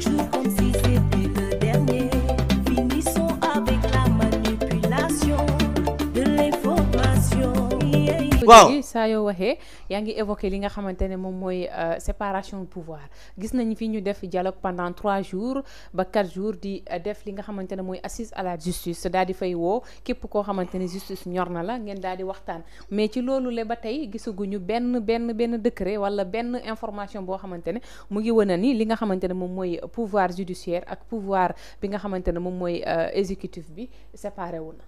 to conceal. léegi saa yoo waxee yaa ngi évoqué li nga xamante ne moom mooy euh, séparation pouvoir gis nañ fi ñu def dialogue pendant trois jours ba quatre jours di euh, def li nga xamante ne mooy assise à la justice daal di fay woo képp koo xamante ne justice ñor na la ngeen daal di waxtaan mais ci loolu le ba tey gisaguñu benn benn benn décret wala benn information boo xamante ne mu ngi wëna ni li nga xamante ne moom mooy pouvoir judiciaire ak pouvoir bi nga xamante ne moom mooy euh, exécutif bi séparé wu na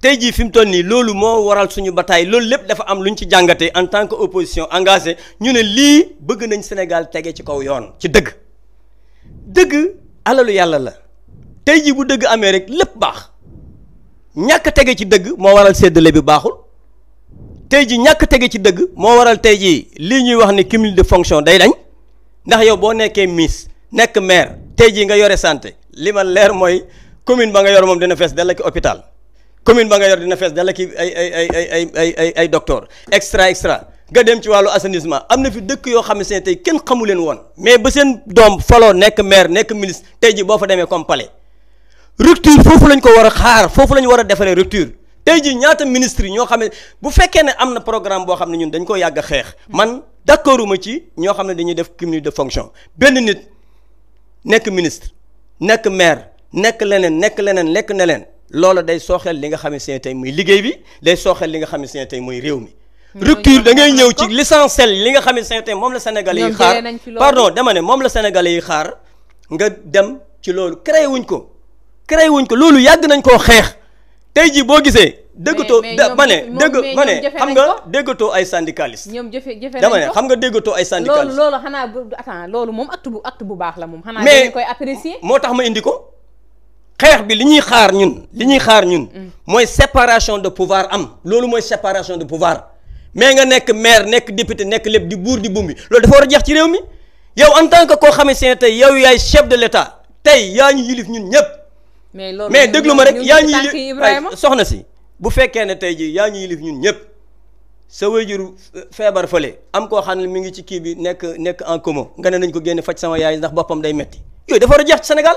tey jii fi mu toll nii loolu moo waral suñu bataay loolu lépp dafa am lu ñu ci jàngatee en tant que opposition engagée ñu ne lii bëgg nañ Sénégal tege ci kaw yoon ci dëgg dëgg alalu yàlla la tey jii bu dëgg amee rek lépp baax ñàkk tege ci dëgg moo waral séddale bi baaxul tey jii ñàkk tege ci dëgg moo waral tey jii lii ñuy wax ne cumul de fonction day dañ ndax yow boo nekkee miss nekk maire tey jii nga yore santé li ma leer mooy commune ba nga yore moom dina fees dal ak commune ba nga yor dina fees dala ki ay ay ay ay ay ay ay extra extra nga dem ci wàllu assainissement am na fi dëkk yoo xam ne seen tey kenn xamu leen woon mais ba seen doom faloo nekk maire nekk ministre tey ji boo fa demee comme palais rupture foofu lañ ko war a xaar foofu la ñu war a defaree rupture tey ji ñaata ministre yi ñoo xam ne bu fekkee ne am na programme boo xam ne ñun dañ koy yàgg xeex man d'accorduma ci ñoo xam ne dañuy def cumul de fonction benn nit nekk ministre nekk maire nekk leneen nekk leneen lekk ne leen loolu day sooxeel li nga xamante ne tey muy liggéey bi day sooxeel li nga xamante ne tey muy réew mi. rupture da ngay ñëw ci l'essentiel li nga xamante ne tey moom la sénégalais yi xaar pardon dama ne moom la sénégalais yi xaar nga dem ci loolu créé wuñ ko créé wuñ ko loolu yàgg nañ koo xeex tey jii boo gisee. déggatoo ma ne dégg ma ne xam nga déggatoo ay syndicaliste ñoom jëfe jëfe dama ne xam nga déggatoo ay syndicaliste loolu loolu xanaa attends loolu moom acte bu acte bu baax la moom xanaa dañ koy moo tax ma indi ko xeex bi li ñuy xaar ñun li ñuy xaar ñun mm. mooy séparation de pouvoir am loolu mooy séparation de pouvoir mais nga nekk maire nekk député nekk lépp di buur di bumbi loolu dafa war a jeex ci réew mi yow en tant que koo xamee seen tey yow yaay chef de l'état tey yaa ñu yilif ñun ñëpp mais loolu mais déglu ma rek yaa ñu yilif soxna si bu fekkee ne tey ji yaa ñu yilif ñun ñëpp sa wéyjur feebar fële am koo xam ne mi ngi ci kii bi nekk nekk en commun nga ne nañ ko génne faj sama yaay ndax boppam day metti yooyu dafa war a jeex ci Sénégal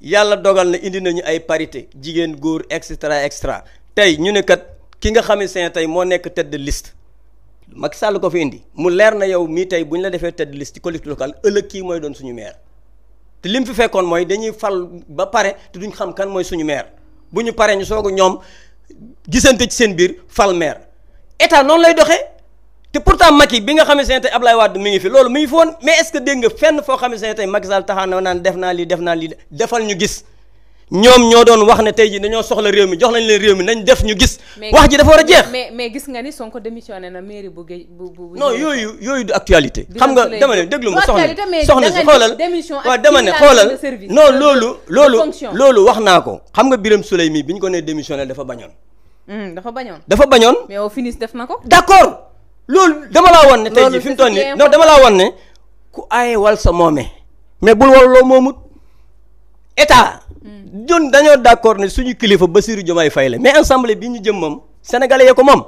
yàlla dogal na indi nañu ay parité jigéen góor et cetera et tey ñu ne kat ki nga xam ne tey moo nekk tête de liste Macky Sall ko fi indi mu leer na yow mii tey bu ñu la defee tête de ci collectivité local ëllëg kii mooy doon suñu maire te lim fi fekkoon mooy dañuy fal ba pare te duñ xam kan mooy suñu maire bu ñu paree ñu soog a ñoom gisante ci seen biir fal maire état noonu lay doxee. te pourtant Macky bi nga xam ne tey Ablaye Wade mi ngi fi loolu mi ngi fi woon mais est dégg nga fenn foo xam ne tey Macky Sall taxaw naan def naa lii defal ñu gis ñoom ñoo doon wax na tey jii dañoo soxla réew mi jox nañ leen réew mi nañ def ñu gis. wax ji dafa war a jeex mais gis nga ni Sonko démissionné na mairie bu géej bu bu. non yooyu yooyu du actualité. xam nga dama ne déglu ma soxna soxna si xoolal waaw dama ne xoolal non loolu. loolu loolu wax naa ko. xam nga Birame Souleye mi bi ñu ko nee démissionné dafa bañoon. Hmm, dafa bañoon. dafa bañoon. mais au finish def na ko. d'accord loolu dama laa wan ne tey jii fi mu toll nii non dama laa wan ne ku aaye wal sa moomee mais bul wal loo moomut état hmm. ñun dañoo d'accord ne suñu kilifa Bassirou Diomaye Faye la mais assemblée bi ñu jëm moom sénégalais ko moom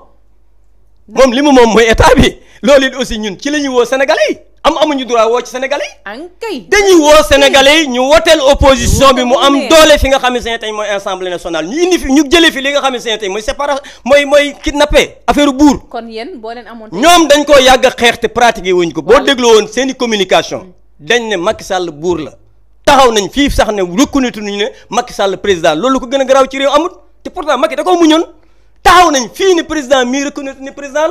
moom li mu moom mooy état bi loolu it aussi ñun ci la ñuy woo sénégalais am amuñu droit woo ci sénégalais yi. dañuy woo sénégalais yi ñu woteel opposition bi mu am doole fi nga xam ne tey mooy assemblée nationale ñu indi fi ñu jële fi li nga xam ne tey mooy séparation mooy mooy kidnappé affaire buur. kon yéen boo leen amoon ñoom dañ koo yàgg a xeex te pratiqué wuñ ko. boo dégloo woon seen communication. Mm. dañ ne Macky sàll buur la. taxaw nañ fii sax ne reconnaître ñu ne Macky Sall président loolu ko gën a garaaw ci réew amut te pourtant Macky da koo muñoon taxaw nañ fii ne président mii la.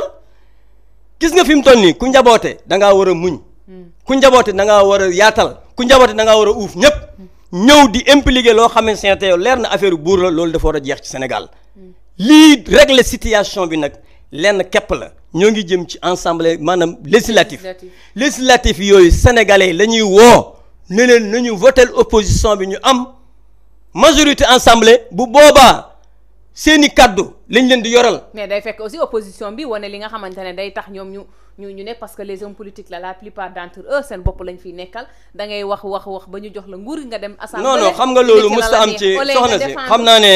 gis nga fi mu toll nii ku njaboote da ngaa war a muñ. Hmm. ku njaboote da ngaa war a yaatal ku njaboote da ngaa war a uuf ñëpp. Hmm. ñëw di impliqué loo xamante ne leer na affaire buur la loolu dafa war a jeex ci Sénégal. Hmm. lii régler situation bi nag lenn képp la ñoo ngi jëm ci ensemble maanaam législatif. législatif yooyu sénégalais la ñuy woo ne nañu votel opposition bi ñu am majorité ensemble bu boobaa. seeni kàddu lañ leen di yoral. mais day fekk aussi opposition bi wane li nga xamante day tax ñoom ñu ñu ñu ne parce que les hommes politiques la la plupart d'entre eux seen bopp lañ fi nekkal da ngay wax wax wax ba ñu jox la nguur nga dem. assemblée non non xam nga loolu musta am ci soxna si xam naa ne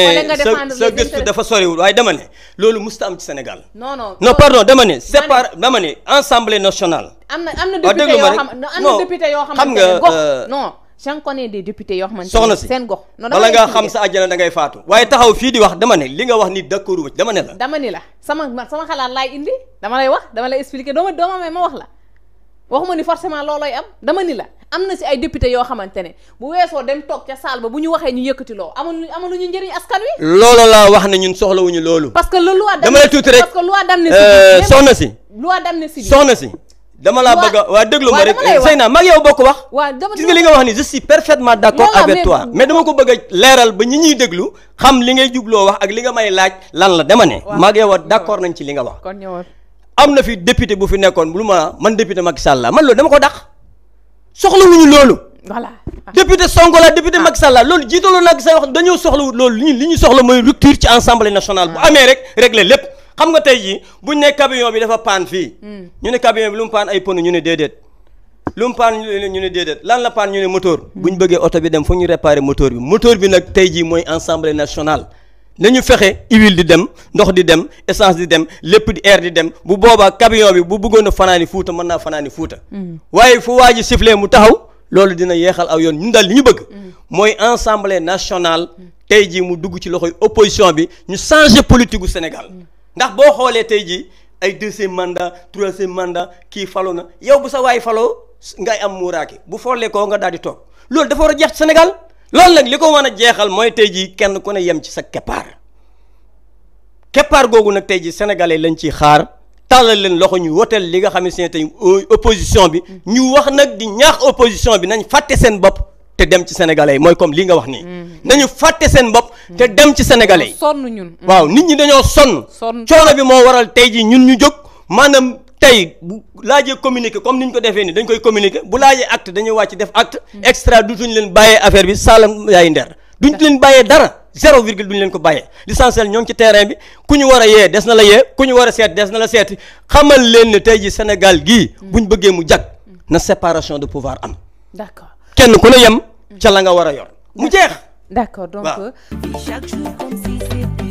sa sa gëstu dafa soriwul waaye dama ne loolu musta am ci Sénégal. non non non pardon dama ne. c'est dama ne assemblée nationale. am na am na député yoo xam am na député yoo xamante gox euh, non. j'en connais des députés yoo xamante soxna si seen gox non bala ngaa xam sa àjjana da ngay faatu waaye taxaw fii di wax dama ne li nga wax ni da wu dama ne la dama ni la sama sama xalaat laay indi dama lay wax dama lay expliquer dooma dooma may ma wax la waxuma ni forcément loolooy am dama ni la am na si ay député yoo xamante ne bu weesoo dem toog ca salle ba bu ñu waxee ñu yëkkati loo amul amul ñu njëriñ askan wi loolu laa wax na ñun soxlawuñu loolu parce que la loi dama lay tuuti soxna si que loi d'amnistie euh, soxna si loi d'amnistie soxna si dama la bëgg wa deglu ma rek Seyna mag yow bokk wax gis nga li nga wax ni je suis parfaitement d'accord avec toi mais dama ko bëgg a ba ñi ñuy déglu xam li ngay jublo wax ak li nga may laaj lan la dama ne mag yow d'accord nañ ci li nga wax amna fi député bu fi nekkon lu ma man député Macky Sall man lool dama ko dax wuñu loolu voilà député Sonko la député ah. Macky Sall loolu jiitaloon nak say wax dañoo soxlawut loolu li ñu soxla moy rupture ci assemblée nationale bu ah. amé rek régler lépp xam nga tey jii buñ ne camion bi dafa paan fi hmm. ñu ne camion bi lu mu ay pneu ñu ne dedet lu mu ñu ne dedet lan la paan ñu ne moteur. Hmm. buñ ñu bëggee oto bi dem fu ñu réparer moteur bi moteur bi nag tey jii mooy assemblée nationale. nañu fexe huile di dem ndox di dem essence di dem lépp di air di dem bu boobaa camion bi bu bëggoon a fanaani fuuta mën naa fanaani fuuta hmm. waaye fu waa ji sifflé mu taxaw loolu dina yeexal aw yoon ñun dal li ñu bëgg mooy ensemble national tey jii mu dugg ci loxoy opposition bi ñu changer politique gu Sénégal ndax boo xoolee tey jii ay deuxième mandat troisième manda kii falo na yow bu sa waay falo ngay am muuraaki bu folle koo nga daal di toog loolu dafa war a jeex ci Sénégal loolu nag li ko mën a jeexal mooy tey jii kenn ku ne yem ci sa keppaar keppaar googu nag tey jii sénégalais lañ ciy xaar tàllal leen loxo ñu woteel li nga xam ne tey opposition bi ñu wax nag di ñaax opposition bi nañ fàtte seen bopp te dem ci sénégalais yi mooy comme li nga wax nii mm. nañu fàtte seen te dem ci sénégalais yi sonn ñun. waaw nit ñi dañoo sonn. sonn coono bi moo waral tey ji ñun ñu jóg maanaam tey bu laajee communiqué comme ni ñu ko defee nii dañ koy communiqué bu laajee acte dañuy wàcc def acte. Mm. extra dutuñu leen bàyyee affaire bi saalam yaay nder. duñ leen bàyyee dara. zéro virgule duñu leen ko bàyyee l'essentiel ñoo ngi ci terrain bi ku ñu war a yee des na la yee ku ñu war a seet des na la seeti xamal leen ne tey ji Sénégal gii. Mm. buñ bëggee mu jag mm. na séparation de pouvoir am. d'accord kenn ku ne yem ca la nga war a yor mu jeex. D'accord, donc... Bah. Euh,